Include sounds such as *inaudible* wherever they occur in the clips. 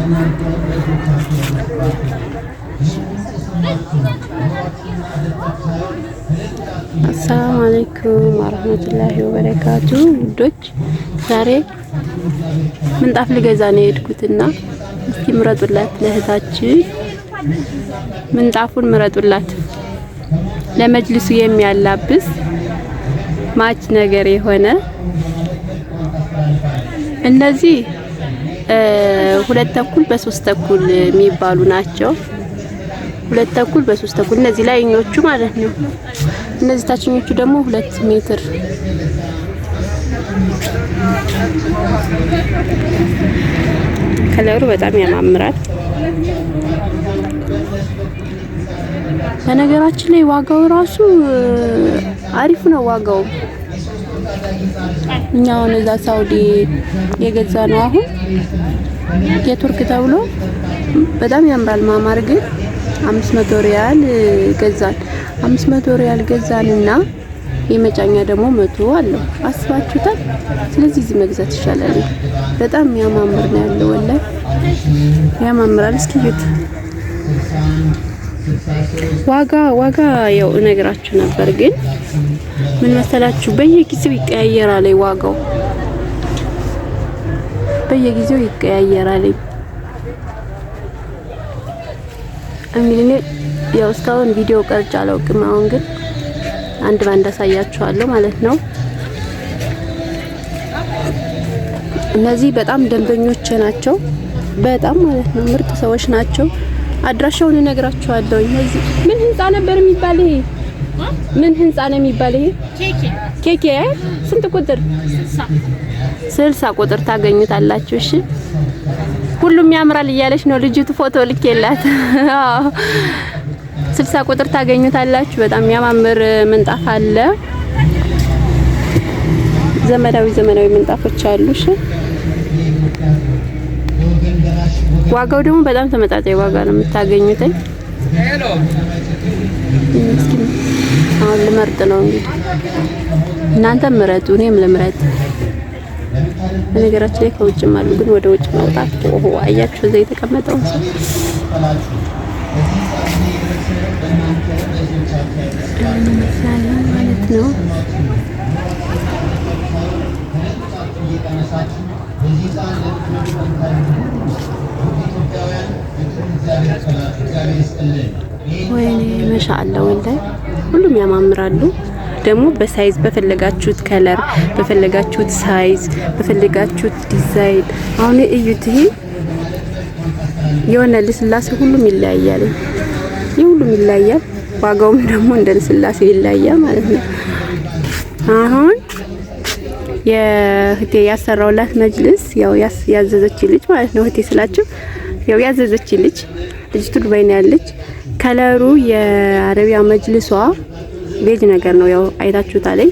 በእናንተ በእጆቻችሁ ያለባችሁ አሰላሙ አለይኩም ወረህመቱላሂ ወበረካቱ። ውዶች ዛሬ ምንጣፍ ልገዛ ነው የሄድኩትና እስቲ ምረጡላት፣ ለእህታችን ምንጣፉን ምረጡላት። ለመጅልሱ የሚያላብስ ማች ነገር የሆነ እነዚህ ሁለት ተኩል በሶስት ተኩል የሚባሉ ናቸው። ሁለት ተኩል በሶስት ተኩል እነዚህ ላይኞቹ ማለት ነው። እነዚህ ታችኞቹ ደግሞ ሁለት ሜትር ከለሩ በጣም ያማምራል። በነገራችን ላይ ዋጋው ራሱ አሪፍ ነው ዋጋው እኛ አሁን እዛ ሳውዲ የገዛ ነው አሁን የቱርክ ተብሎ በጣም ያምራል። ማማር ግን አምስት መቶ ሪያል ገዛን። አምስት መቶ ሪያል ገዛንና የመጫኛ ደግሞ መቶ አለው። አስባችሁታል። ስለዚህ እዚህ መግዛት ይሻላል። በጣም ያማምር ነው ያለው። ወላሂ ያማምራል። እስኪ እዩት። ዋጋ ዋጋ ያው እነግራችሁ ነበር ግን ምን መሰላችሁ፣ በየጊዜው ይቀያየራል ዋጋው፣ በየጊዜው ይቀያየራል። እሚልኔ ያው እስካሁን ቪዲዮ ቀርጬ አላውቅም። አሁን ግን አንድ ባንድ አሳያችኋለሁ ማለት ነው። እነዚህ በጣም ደንበኞች ናቸው። በጣም ማለት ነው ምርጥ ሰዎች ናቸው። አድራሻውን እነግራችኋለሁ። እነዚህ ምን ህንጻ ነበር የሚባል ይሄ ምን ህንጻ ነው የሚባል? ይሄ ኬኬ ስንት ቁጥር? ስልሳ ቁጥር ታገኙታላችሁ። እሺ ሁሉም ያምራል እያለች ነው ልጅቱ ፎቶ ልኬላት። *laughs* አዎ ስልሳ ቁጥር ታገኙታላችሁ። በጣም የሚያማምር ምንጣፍ አለ። ዘመናዊ ዘመናዊ ምንጣፎች አሉ። እሺ ዋጋው ደግሞ በጣም ተመጣጣኝ ዋጋ ነው የምታገኙት። አሁን ልመርጥ ነው እንግዲህ እናንተ ምረጡ፣ እኔም ልምረጥ። በነገራችን ላይ ከውጭም አሉ፣ ግን ወደ ውጭ መውጣት ኦሆ፣ አያችሁ እዛ የተቀመጠው ማለት ነው። ኢትዮጵያውያን ወይኔ መሻአላ ወላሂ ሁሉም ያማምራሉ። ደግሞ በሳይዝ በፈለጋችሁት ከለር፣ በፈለጋችሁት ሳይዝ፣ በፈለጋችሁት ዲዛይን አሁን እዩት። ይሄ የሆነ ልስላሴ ሁሉም ይለያያል። ይህ ሁሉም ይለያያል። ዋጋውም ደግሞ እንደ ልስላሴ ይለያያል ማለት ነው። አሁን የህቴ ያሰራውላት መጅልስ ያው ያዘዘች ልጅ ማለት ነው። ህቴ ስላችሁ ያው ያዘዘች ልጅ ልጅቱ ዱባይ ነው ያለች ከለሩ የአረቢያ መጅልሷ ቤጅ ነገር ነው። ያው አይታችሁታለኝ።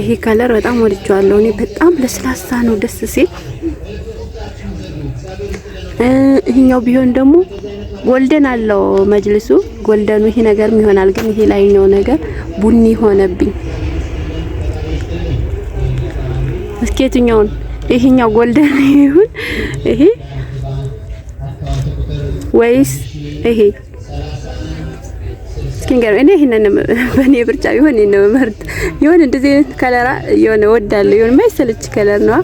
ይሄ ከለር በጣም ወድጄዋለሁ እኔ። በጣም ለስላሳ ነው ደስ ሲል። ይሄኛው ቢሆን ደግሞ ጎልደን አለው መጅልሱ። ጎልደኑ ይሄ ነገርም ይሆናል፣ ግን ይሄ ላይኛው ነገር ቡኒ ሆነብኝ። እስኪ የትኛውን ይሄኛው ጎልደን ይሁን ይሄ ወይስ ይሄ? የሚገርም እኔ ይሄንን በእኔ ብርጫ ቢሆን ይሄን መርጥ የሆነ እንደዚህ አይነት ከለራ የሆነ ወዳለሁ የሆነ ማይሰለች ከለር ነው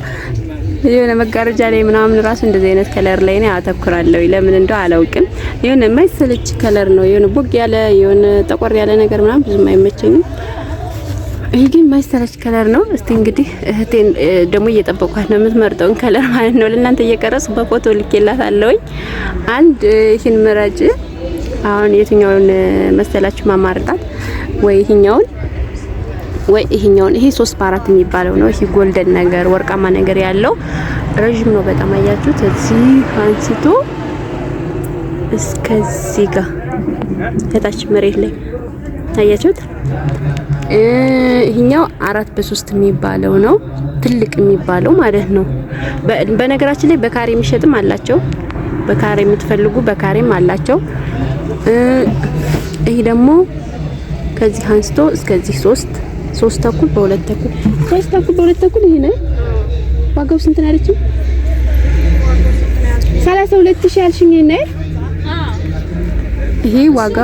የሆነ መጋረጃ ላይ ምናምን ራሱ እንደዚህ አይነት ከለር ላይ እኔ አተኩራለሁ። ለምን እንደው አላውቅም። የሆነ የማይሰለች ከለር ነው። የሆነ ቦግ ያለ የሆነ ጠቆር ያለ ነገር ምናምን ብዙም አይመቸኝም። ይሄ ግን ማይሰለች ከለር ነው። እስቲ እንግዲህ እህቴን ደግሞ እየጠበኳት ነው የምትመርጠውን ከለር ማለት ነው። ለእናንተ እየቀረጽኩ በፎቶ ልኬላታለሁኝ። አንድ ይሄን ምረጭ አሁን የትኛውን መሰላችሁ ማማርጣት ወይ ይሄኛውን ወይ ይሄኛውን። ይሄ ሶስት በአራት የሚባለው ነው። ይሄ ጎልደን ነገር ወርቃማ ነገር ያለው ረዥም ነው በጣም አያችሁት። እዚህ አንስቶ እስከዚህ ጋር ከታች መሬት ላይ አያችሁት። ይህኛው አራት በሶስት የሚባለው ነው ትልቅ የሚባለው ማለት ነው። በነገራችን ላይ በካሬ የሚሸጥም አላቸው። በካሬ የምትፈልጉ በካሬም አላቸው። ይሄ ደግሞ ከዚህ አንስቶ እስከዚህ ሶስት ሶስት ተኩል በሁለት ተኩል ሶስት ተኩል በሁለት ተኩል ይሄ ነው። ዋጋው ስንት ነው ያለችው? ሰላሳ ሁለት ሺህ ያልሽኝ ነው። ይሄ ዋጋ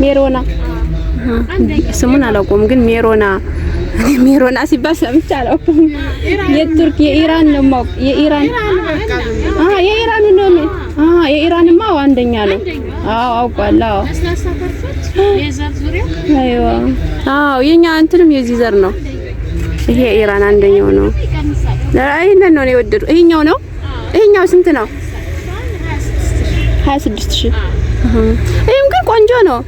ሜሮና ስሙን አላውቀውም፣ ግን ሜሮና ሜሮና ሲባል ሰምቼ አላውቀውም። የቱርክ የኢራን ነው የኢራን የኢራን ነው አዎ የኢራንማ አንደኛ ነው። አዎ አውቃለሁ። ለስላሳ ዙሪያ አይዋ አዎ የኛ እንትንም የዚህ ዘር ነው። ይሄ ኢራን አንደኛው ነው። ይሄንን ነው የወደድኩት። ይሄኛው ነው። ይሄኛው ስንት ነው? 26000 ይሄም ግን ቆንጆ ነው።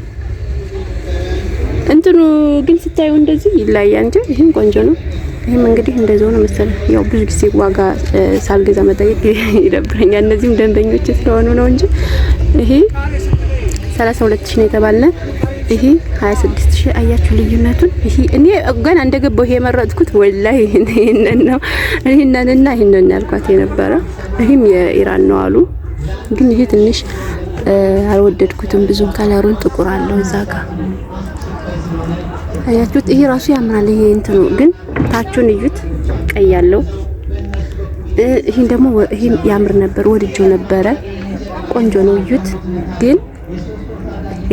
እንትኑ ግን ስታዩ እንደዚህ ይለያል እንጂ ይሄም ቆንጆ ነው። ይህም እንግዲህ እንደዚህ መሰለ። ያው ብዙ ጊዜ ዋጋ ሳልገዛ መጠየቅ *laughs* ይደብረኛል። እነዚህም ደንበኞች ስለሆኑ ነው እንጂ ይሄ 32 ሺህ ነው የተባለ ይሄ 26 ሺህ አያችሁ ልዩነቱን። ይሄ እኔ ገና እንደገባሁ ይሄ የመረጥኩት ወላሂ ይሄንን ነው ይሄንንና ይሄንን ያልኳት የነበረ ይሄም የኢራን ነው አሉ። ግን ይሄ ትንሽ አልወደድኩትም። ብዙ ካለሩን ጥቁር አለው እዛ ጋር አያችሁት። ይሄ ራሱ ያምራል። ይሄ እንትኑ ግን ታቹን እዩት። ቀይ ያለው ይሄን ደግሞ ይሄም ያምር ነበር፣ ወድጆ ነበረ። ቆንጆ ነው እዩት። ግን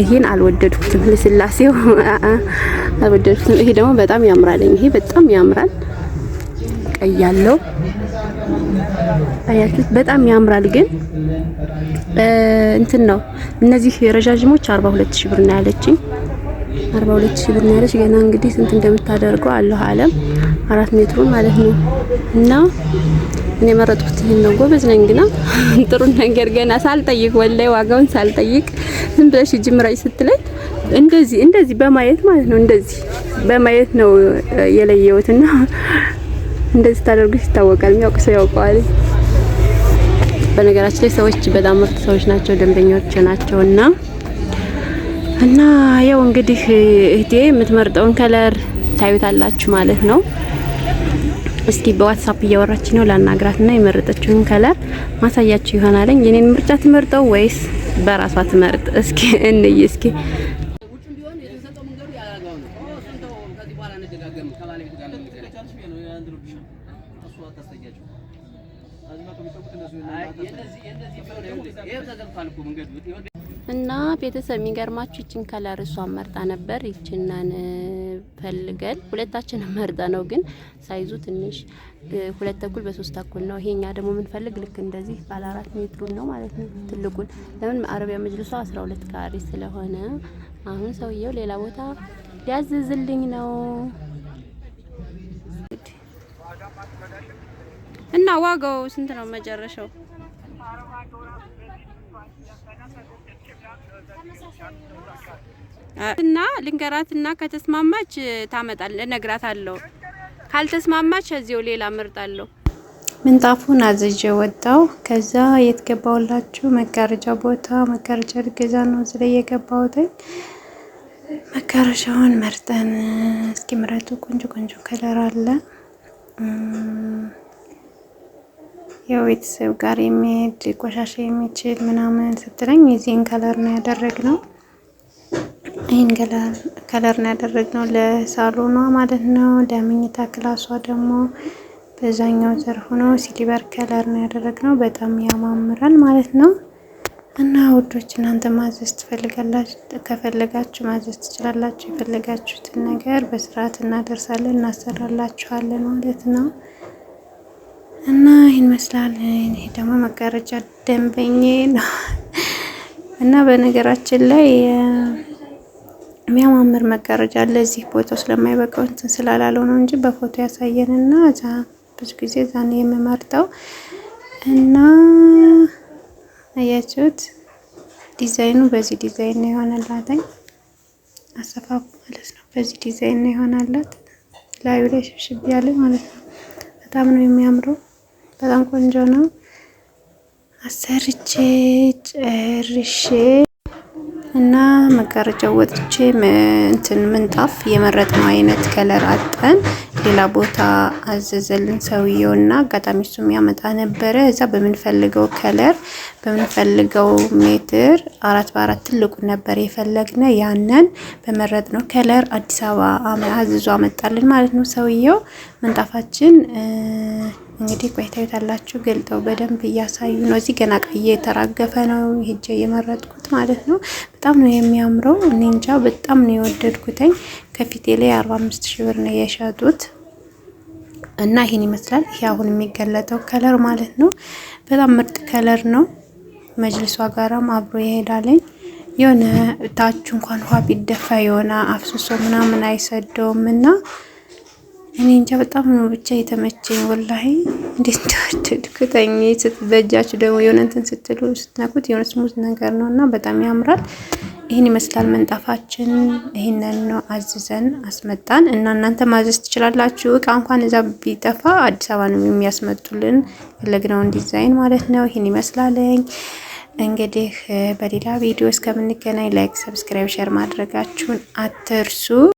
ይሄን አልወደድኩትም፣ ለስላሴው አልወደድኩትም። ይሄ ደግሞ በጣም ያምራል። ይሄ በጣም ያምራል። ቀይ ያለው አያችሁት? በጣም ያምራል። ግን እንትን ነው እነዚህ ረዣዥሞች 42000 ብር ነው ያለችኝ። 42000 ብር ነው ያለች። ገና እንግዲህ ስንት እንደምታደርገው አለሁ አለም አራት ሜትሩ ማለት ነው። እና እኔ የመረጥኩት ይሄን ነው። ጎበዝ ነኝ ግና *laughs* ጥሩ ነገር ገና ሳልጠይቅ ወላይ ዋጋውን ሳልጠይቅ ዝም ብለሽ ሂጂ ምረጭ ስትለኝ እንደዚህ እንደዚህ በማየት ማለት ነው እንደዚህ በማየት ነው የለየሁትና እንደዚህ ታደርጉሽ ይታወቃል። የሚያውቅ ሰው ያውቀዋል። በነገራችን ላይ ሰዎች በጣም ምርጥ ሰዎች ናቸው፣ ደንበኞች ናቸው እና እና ያው እንግዲህ እህቴ የምትመርጠውን ከለር ታዩታላችሁ ማለት ነው። እስኪ በዋትሳፕ እያወራች ነው እና የመረጠችውን ከለር ማሳያችሁ ይሆናል። የኔን ምርጫ ትመርጠው ወይስ በራሷ ትመርጥ? እስኪ እንይ እስኪ እና ቤተሰብ የሚገርማችሁ ይችን ከለር እሷ መርጣ ነበር ይችናን ፈልገን ሁለታችን መርጠ ነው ግን ሳይዙ ትንሽ ሁለት ተኩል በሶስት ተኩል ነው። ይሄኛ ደግሞ የምንፈልግ ልክ እንደዚህ ባለ አራት ሜትሩን ነው ማለት ነው ትልቁን። ለምን አረቢያ መጅልሷ አስራ ሁለት ካሬ ስለሆነ አሁን ሰውየው ሌላ ቦታ ሊያዝዝልኝ ነው እና ዋጋው ስንት ነው መጨረሻው? እና ልንገራትና ከተስማማች ታመጣል እነግራታለሁ። ካልተስማማች እዚው ሌላ እመርጣለሁ። ምንጣፉን አዝዤ ወጣው። ከዛ የት መጋረጃ ቦታ መጋረጃ ልገዛ ነው እዚህ ላይ መጋረጃውን መርጠን እስኪ ምረጡ። ቆንጆ ቆንጆ ከለር አለ። ያው ጋር የሚሄድ ቆሻሻ የሚችል ምናምን ስትለኝ የዚህን ከለር ነው ያደረግነው። ይህን ከለር ነው ያደረግነው ለሳሎኗ ማለት ነው። ለምኝታ ክላሷ ደግሞ በዛኛው ዘርፍ ነው ሲሊቨር ከለር ነው ያደረግነው። በጣም ያማምራል ማለት ነው። እና ውዶች እናንተ ማዘዝ ትፈልጋላችሁ ከፈለጋችሁ ማዘዝ ትችላላችሁ። የፈለጋችሁትን ነገር በስርዓት እናደርሳለን እናሰራላችኋለን ማለት ነው። እና ይህን መስላል። ይሄ ደግሞ መጋረጃ ደንበኜ ነው እና በነገራችን ላይ የሚያማምር መጋረጃ ለዚህ ቦታው ስለማይበቃው እንትን ስላላለው ነው እንጂ በፎቶ ያሳየን እና እዛ ብዙ ጊዜ እዛ ነው የምመርጠው እና አያችሁት፣ ዲዛይኑ በዚህ ዲዛይን ነው የሆነላትኝ። አሰፋፉ ማለት ነው። በዚህ ዲዛይን ነው የሆነላት ላዩ ላይ ሽብሽብ ያለ ማለት ነው። በጣም ነው የሚያምረው። በጣም ቆንጆ ነው። አሰርቼ ጨርሼ እና መጋረጃ ወጥቼ እንትን ምንጣፍ የመረጥነው አይነት ከለር አጠን ሌላ ቦታ አዘዘልን ሰውየው እና አጋጣሚ እሱም ያመጣ ነበረ። እዛ በምንፈልገው ከለር በምንፈልገው ሜትር አራት በአራት ትልቁ ነበር የፈለግነ ያንን በመረጥነው ከለር አዲስ አበባ አዝዞ አመጣልን ማለት ነው ሰውየው ምንጣፋችን እንግዲህ ቆይታዊት አላችሁ ገልጠው በደንብ እያሳዩ ነው። እዚህ ገና ቀይ የተራገፈ ነው ሄጄ የመረጥኩት ማለት ነው። በጣም ነው የሚያምረው። እኔ እንጃ በጣም ነው የወደድኩትኝ። ከፊቴ ላይ አርባ አምስት ሺህ ብር ነው የሸጡት እና ይህን ይመስላል። ይሄ አሁን የሚገለጠው ከለር ማለት ነው። በጣም ምርጥ ከለር ነው። መጅልሷ ጋራም አብሮ ይሄዳለኝ። የሆነ ታች እንኳን ውሃ ቢደፋ የሆነ አፍስሶ ምናምን አይሰደውም እና እኔ እንጃ በጣም ነው ብቻ የተመቸኝ ወላሂ። እንዴት እንደወደድኩት በእጃችሁ ደግሞ የሆነ እንትን ስትሉ ስትነኩት የሆነ ስሙዝ ነገር ነው እና በጣም ያምራል። ይህን ይመስላል ምንጣፋችን። ይህንን ነው አዝዘን አስመጣን እና እናንተ ማዘዝ ትችላላችሁ። እቃ እንኳን እዛ ቢጠፋ አዲስ አበባ ነው የሚያስመጡልን ፈለግነውን ዲዛይን ማለት ነው። ይህን ይመስላለኝ። እንግዲህ በሌላ ቪዲዮ እስከምንገናኝ ላይክ፣ ሰብስክራይብ፣ ሼር ማድረጋችሁን አትርሱ።